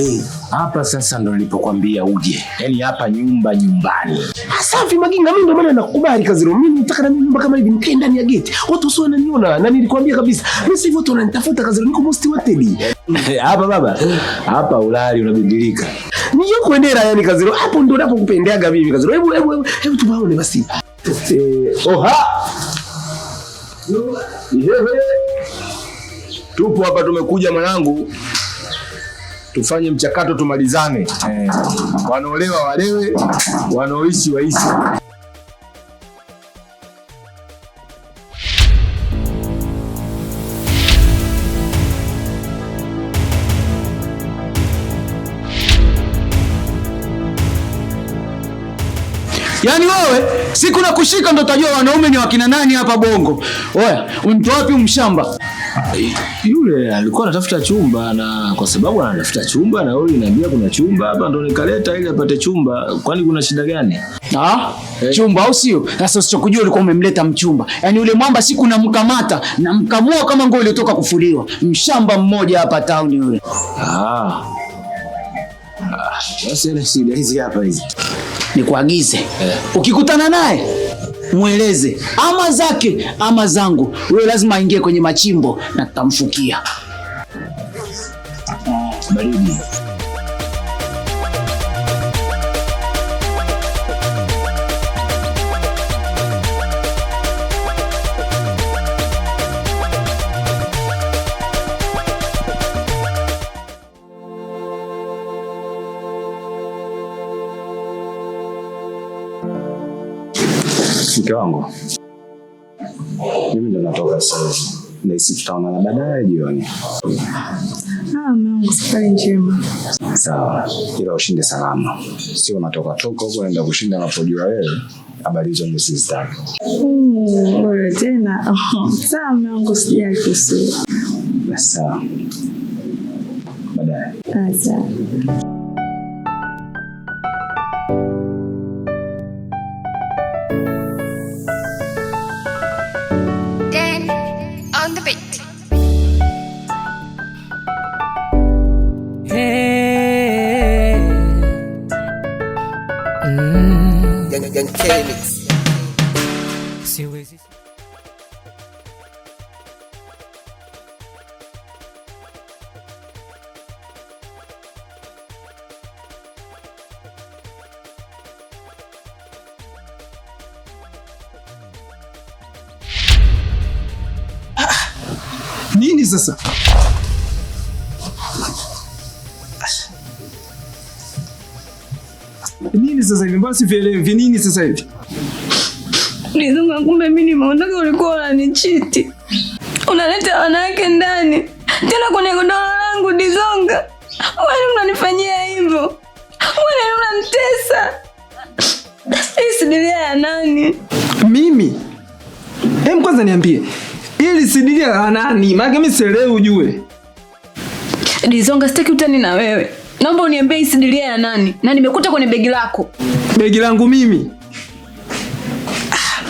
hey, hapa sasa ndo nilipokuambia uje. Yaani hapa nyumba nyumbani. Safi Maginga, mimi ndo maana nakukubali kazi Kaziro. Mimi nataka na nyumba kama hivi nikae ndani ya geti. Watu wasio wananiona na nilikwambia kabisa. Mimi sivyo tu unanitafuta kazi Kaziro, niko most wanted. Hapa baba. Hapa ulali unabindilika. Nije kuendelea yani kazi Kaziro. Hapo ndo napokupendeaga mimi Kaziro. Hebu hebu hebu tubaone basi. Eh, oha. Tupo hapa tumekuja mwanangu tufanye mchakato, tumalizane eh. Wanaolewa walewe, wanaoishi waishi. Yaani wewe siku na kushika ndo utajua wanaume ni wakina nani hapa Bongo. Oya, mtu wapi mshamba? yule alikuwa anatafuta chumba, na kwa sababu anatafuta chumba na wewe inaniambia kuna chumba hapa, ndo nikaleta ili apate chumba. Kwani kuna shida gani? Ah, eh, chumba au sio? Sasa usichokujua ulikuwa umemleta mchumba, yani yule mwamba siku namkamata mkamua kama nguo iliyotoka kufuliwa. Mshamba mmoja hapa town yule. Ah. ah, sasa ile shida hizi hapa hizi nikuagize, eh, ukikutana naye mweleze ama zake ama zangu, wewe lazima aingie kwenye machimbo na tutamfukia baridi. mke wangu, mimi ndo natoka sasa hivi. Nahisi tutaonana baadaye jioni. Ah, mume wangu, safari njema. Sawa, ila ushinde salama, sio unatoka toka huko naenda kushinda napojua wewe habari hizo mimi sizitaki. Hmm, bora tena. Sawa mume wangu, sijali kuhusu. Sawa, baadaye. Ah, sawa. And Kelly. Nini sasa hivi? Mbona sivielewi nini sasa hivi? Lizungu, kumbe mimi nimeondoka, ulikuwa unanichiti. Unaleta wanawake ndani. Tena kwenye godoro langu Dizonga. Wewe unanifanyia hivyo. Wewe unanitesa. Hii sidiria ya nani? Mimi. Hem, kwanza niambie. Ili sidiria ya nani? Maana mimi sielewi ujue. Dizonga, sitaki utani na wewe. Naomba uniambie hii sidilia ya nani na nimekuta kwenye begi lako. Begi langu mimi? Ah,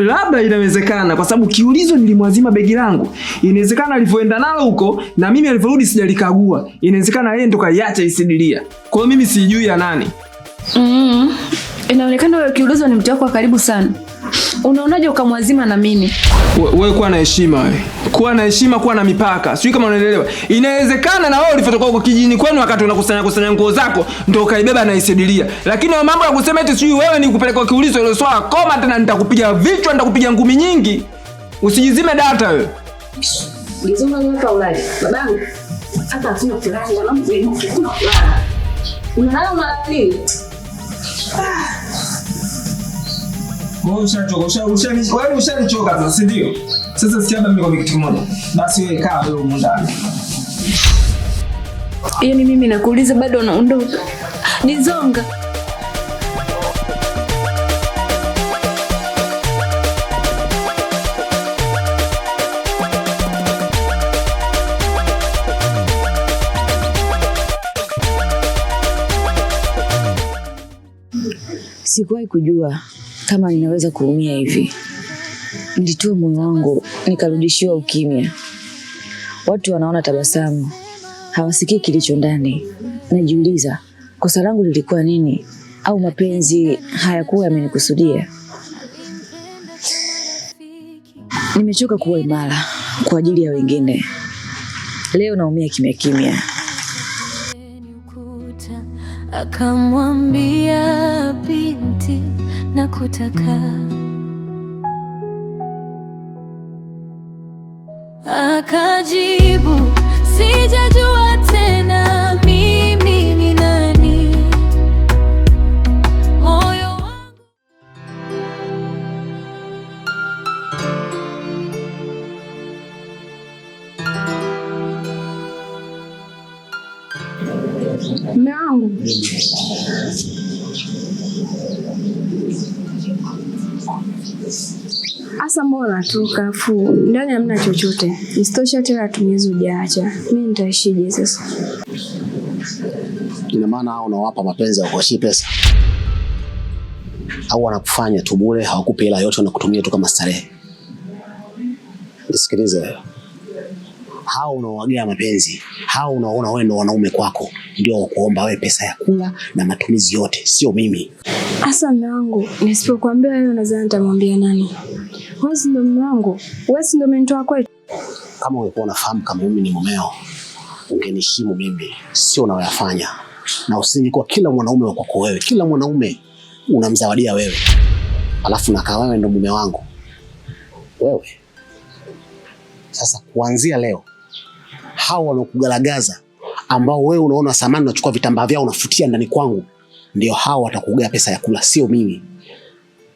labda inawezekana kwa sababu kiulizo nilimwazima begi langu. Inawezekana alivyoenda nalo huko na mimi alivyorudi sijalikagua. Inawezekana yeye ndo kaiacha isidilia. Kwa hiyo mimi sijui ya nani. Mm. Inaonekana wewe kiulizo ni mtu wako wa karibu sana. Unaonaje ukamwazima na mimi? Wewe kuwa na heshima wewe kuwa na heshima, kuwa na mipaka. Sijui kama unaelewa. Inawezekana na wewe ulifotoka huko kijijini kwenu, wakati unakusanya kusanya nguo zako ndio ukaibeba na isedilia. lakini wa mambo ya kusema eti sijui wewe ni kupeleka kiulizo, ile swala koma tena, nitakupiga vichwa, nitakupiga ngumi nyingi. Usijizime data wewe. Ulizunga ni hapa ulali. Babangu hata hatuna kulala, mwanangu ni kulala. Unalala mara nini? Ah. Wewe ushanichoka, ushanichoka, si ndio? Sasa si hapa mko kitu kimoja. Basi wewe kaa wewe huko ndani. Yaani mimi nakuuliza bado unaondoka? Nizonga. Sikuwahi kujua kama ninaweza kuumia hivi nilitoa moyo wangu nikarudishiwa ukimya. Watu wanaona tabasamu, hawasikii kilicho ndani. Najiuliza kosa langu lilikuwa nini, au mapenzi hayakuwa yamenikusudia? Nimechoka kuwa imara kwa ajili ya wengine. Leo naumia kimya kimya. Akamwambia binti na kutaka akajibu, sijajua tena mimi ni nani. Moyo wangu wangu Asa, mbona tu fu ndani hamna chochote, isitoshe tena tumizi ujaacha. Mimi nitaishije sasa? Ina maana unawapa mapenzi ya pesa au wanakufanya tu bure, hawakupi hela yote, wanakutumia tu kama starehe. Nisikilize, hao unaowagea mapenzi hao, unaona wewe ndo wanaume kwako, ndio wakuomba wewe pesa ya kula na matumizi yote, sio mimi. Hasa mume wangu, nisipokuambia wewe unadhani nitamwambia nani? Wewe ndio mume wangu, wewe si ndo umenitoa kwetu. Kama ungekuwa unafahamu kama mimi ni mumeo, ungeniheshimu mimi, sio unayoyafanya, na usingekuwa kila mwanaume wa kwako wewe, kila mwanaume unamzawadia wewe, alafu nakaa wewe ndo mume wangu wewe. Sasa kuanzia leo, hao wanaokugalagaza ambao wewe unaona samani, unachukua vitambaa vyao unafutia ndani kwangu ndio hawa watakugea pesa ya kula, sio mimi.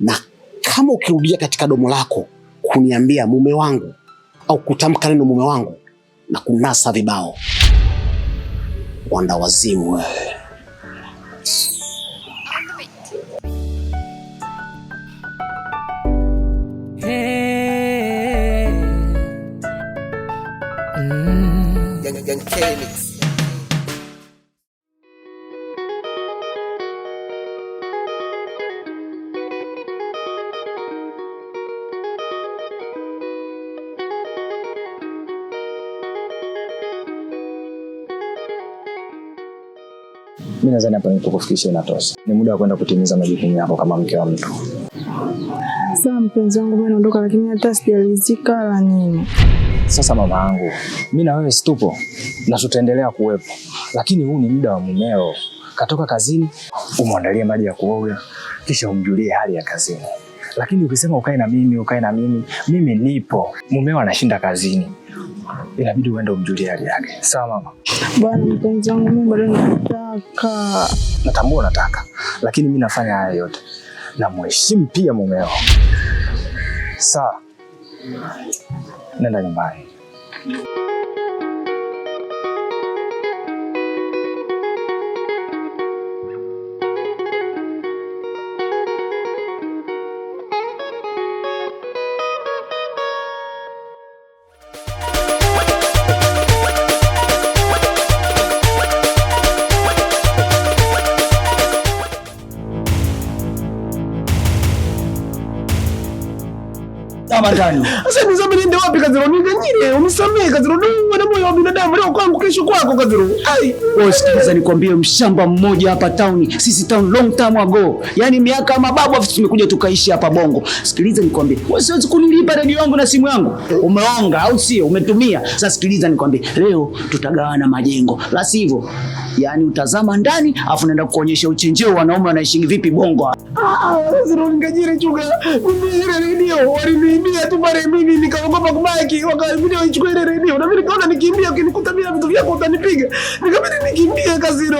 Na kama ukirudia katika domo lako kuniambia mume wangu au kutamka neno mume wangu na kunasa vibao, wanda wazimu wewe. Hey. Mm. nadhani hapa nilipokufikisha inatosha. Ni muda wa kwenda kutimiza majukumu yako kama mke wa mtu. Sawa mpenzi wangu, mimi naondoka, lakini hata sijalizika la nini. Sasa mama yangu, mimi na wewe situpo na tutaendelea kuwepo, lakini huu ni muda wa mumeo. Katoka kazini, umwandalie maji ya kuoga, kisha umjulie hali ya kazini. Lakini ukisema ukae na mimi, ukae na mimi, mimi nipo. Mumeo anashinda kazini inabidi uende umjulie hali yake. Sawa mama. Bwana mpenzi wangu, mimi bado nataka. Natambua nataka, lakini mimi nafanya haya yote na muheshimu pia mumeo. Sawa, nenda nyumbani. Sasa niende wapi? Kazirora nyire, unisamehe Kazirora, wana moyo wa binadamu leo kwangu kesho kwako Kadhiru. Ai, wewe sikiliza nikwambie, mshamba mmoja hapa town, sisi town long time ago, yani miaka mababu afu tumekuja tukaishi hapa Bongo. Sikiliza nikwambie, wewe siwezi kunilipa redio yangu na simu yangu, umeonga au sio? Umetumia. Sasa sikiliza nikwambie, leo tutagawana majengo, la sivyo yani utazama ndani afu naenda kuonyesha uchenjeo wanaume wanaishi vipi Bongo. Ah, zirongajire chuga kumira redio waliniibia tu pale, mimi nikaogopa kubaki, wakaamini waichukue ile na mimi nikaona nikimbia, ukinikuta bila hapo utanipiga. Nikabidi nikimbie Kaziro.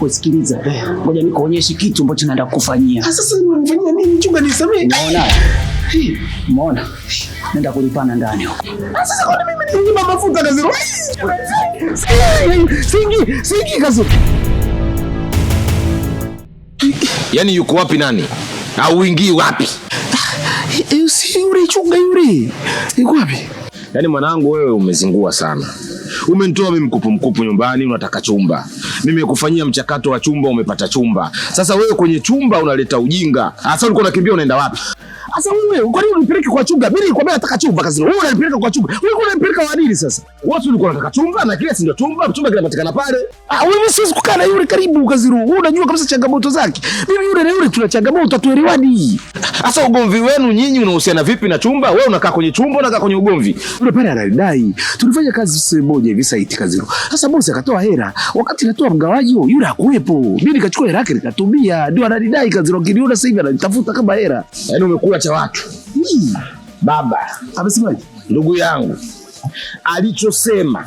Usikiliza. Eh, ngoja nikuonyeshe kitu ambacho naenda kukufanyia. Ah, sasa nimefanyia nini? Chunga nisamehe. Unaona? Umeona? Naenda kulipana ndani huko. Ah, sasa kwa nini mimi ninyima mafuta Kaziro? Singi, singi kazi. Yani yuko wapi nani? Na uingii wapi? Ah, eh, yule chunga yule. Yuko wapi? Yaani mwanangu, wewe umezingua sana. Umenitoa mimi mkupu mkupu nyumbani, unataka chumba. nikufanyia mchakato wa chumba, umepata chumba. Sasa wewe kwenye chumba unaleta ujinga. Sasa ulikuwa unakimbia unaenda wapi? Sasa wewe kwa nini unipeleka kwa chumba? Mimi nilikwambia nataka chumba kazi. Wewe unanipeleka kwa chumba. Wewe unanipeleka wa nini sasa? Watu walikuwa wanataka chumba na kile si ndio chumba, chumba kinapatikana pale. Ah, wewe siwezi kukaa na yule karibu kazi. Wewe unajua kabisa changamoto zake. Mimi yule na yule tuna changamoto tatuelewani. Sasa ugomvi wenu nyinyi unahusiana vipi na chumba? Wewe unakaa kwenye chumba, unakaa kwenye ugomvi. Yule pale anadai tulifanya kazi sisi moja hivi site kazi. Sasa bosi akatoa hela. Wakati natoa mgawaji yule hakuwepo. Mimi nikachukua hela yake nikatumia. Ndio anadai kazi, lakini yule sasa hivi anatafuta kama hela. Yaani umekula cha watu hmm. Baba amesemaje? Ndugu yangu alichosema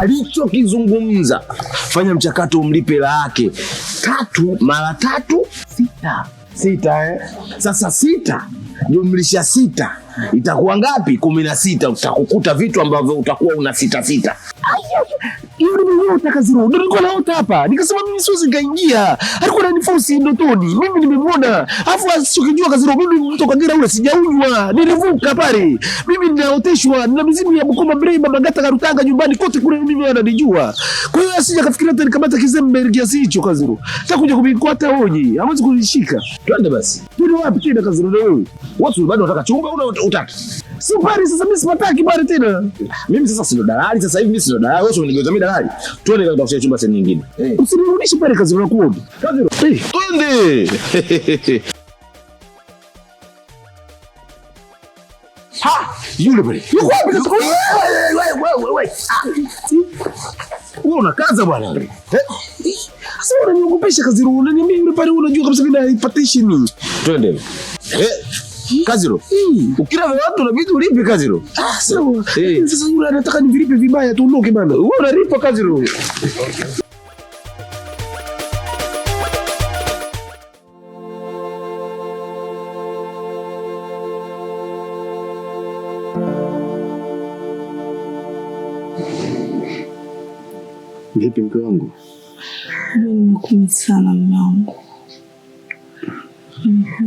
alichokizungumza, fanya mchakato umlipe hela yake tatu mara tatu sita sita eh? Sasa sita jumlisha sita itakuwa ngapi? kumi na sita. Utakukuta vitu ambavyo utakuwa una sita sita utakazirudi. Niko naota hapa, nikasema mimi siwezi kaingia, alikuwa ananifosi ndotoni, mimi nimemwona. Afu sikijua kaziro, mimi mtu Kagera ule sijaunywa, nilivuka pale. Mimi ninaoteshwa, na mizimu ya Bukoma Brei, Baba Gata, Karutanga, nyumbani kote kule, mimi ananijua. Kwa hiyo asija kafikiria hata nikamata kizembe kiasi hicho. Kaziro takuja kumikwata hoji, hawezi kunishika. Twende basi, tuli wapi? Twende Kaziro, wewe watu bado unataka chumba una utatu. Sipari sasa mimi sipataki bari tena. Mimi sasa sio dalali sasa hivi mimi sio dalali. Wewe unigeuza mimi dalali. Twende kwa kutafuta chumba sehemu nyingine. Eh. Usinirudishe pale kazi yako unakuomba. Kazi. Eh. Twende. Ha! Yule bari. Wewe wewe wewe. Wewe ah. una kaza bwana. Eh. Sasa unaniogopesha kazi, unaniambia yule bari unajua kabisa mimi naipatishi mimi. Twende. Eh. Kazilo. Ukila watu na vitu ulipe Kazilo. Ah, eh. sawa. Eh. Yaani sasa yule anataka nivilipe vibaya tu ondoke bana. Wewe unalipa Kazilo. Vipi mke wangu? Nimekuja mwanangu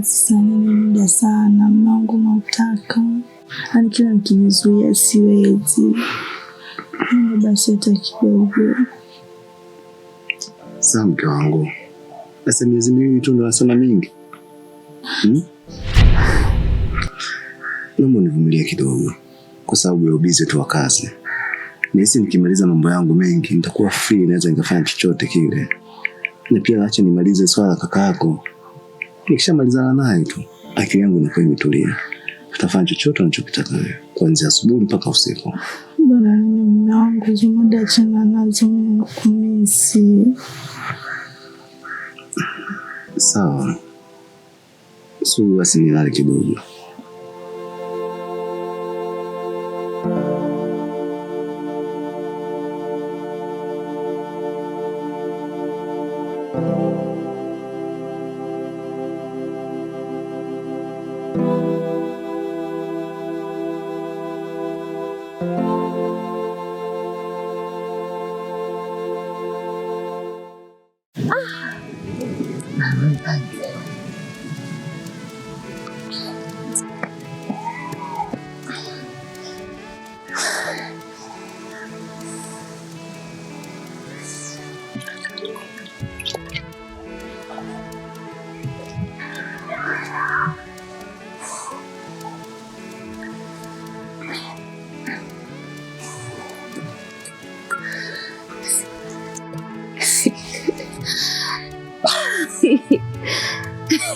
sana muda sana mlangu nautaka, yaani kila nikijizuia siwezi. Aa, basi hata kidogo. Saa mke wangu, sasa miezi miwili tu ndo sana mingi hmm? Naomba kidogo, kwa sababu ya ubizi tu wa kazi. Nahisi nikimaliza mambo yangu mengi nitakuwa free, naweza nikafanya chochote kile, na pia acha nimalize swala kaka yako Nikishamalizana naye tu akili yangu inakuwa imetulia, utafanya chochote anachokitaka wewe, kuanzia asubuhi mpaka usiku. Bwana ni wangu, zimuda chana nazo kumisi. Sawa, subiri basi nilale kidogo.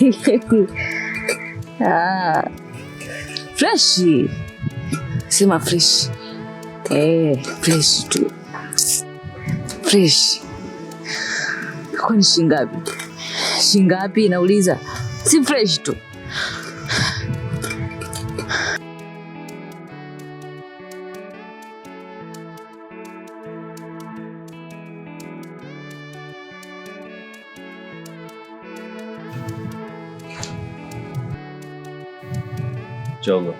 fresh sema fresh eh, fresh tu fresh. Kwani shingapi? Shingapi nauliza, si fresh tu kidogo.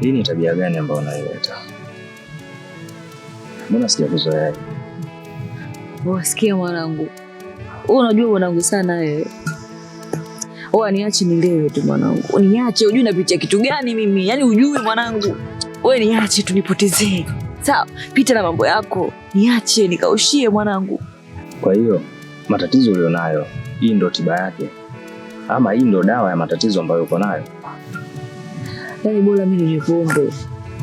Hii ni tabia gani ambayo unaileta? Mbona sijakuzoea? Wasikia mwanangu, wewe unajua mwanangu sana wewe. Oa, niache nilewe tu mwanangu, niache. Ujui napitia kitu gani mimi, yaani ujui mwanangu. Wewe niache tu nipotezee, sawa? Pita na mambo yako, niache nikaushie mwanangu. Kwa hiyo matatizo ulionayo, hii ndo tiba yake ama hii ndio dawa ya matatizo ambayo uko nayo? Yaani bora mimi ninywe pombe,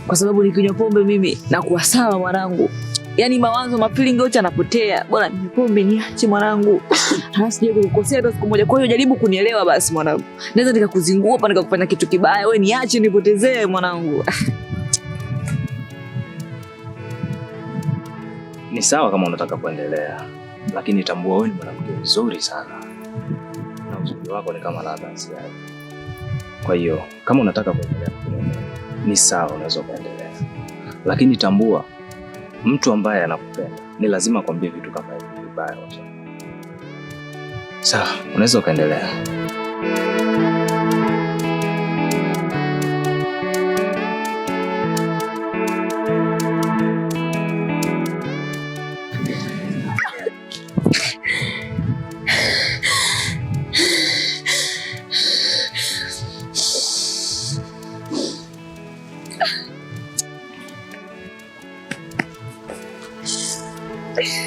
kwa sababu nikinywa pombe mimi nakuwa sawa mwanangu. Yaani mawazo mapilingi yote yanapotea. Bora ninywe pombe niache mwanangu, halafu sije kukukosea hata siku moja. Kwa hiyo jaribu kunielewa basi mwanangu, naweza nikakuzingua hapa nikakufanya kitu kibaya, we niache nipotezee mwanangu. Ni sawa kama unataka kuendelea, lakini tambua wewe ni mwanamke mzuri sana mzuri wako ni kama ladha asili. Kwa hiyo kama unataka kuendelea ni sawa, unaweza kuendelea, lakini tambua mtu ambaye anakupenda ni lazima kwambie vitu kama hivi vibaya. Sawa, unaweza ukaendelea. Bye.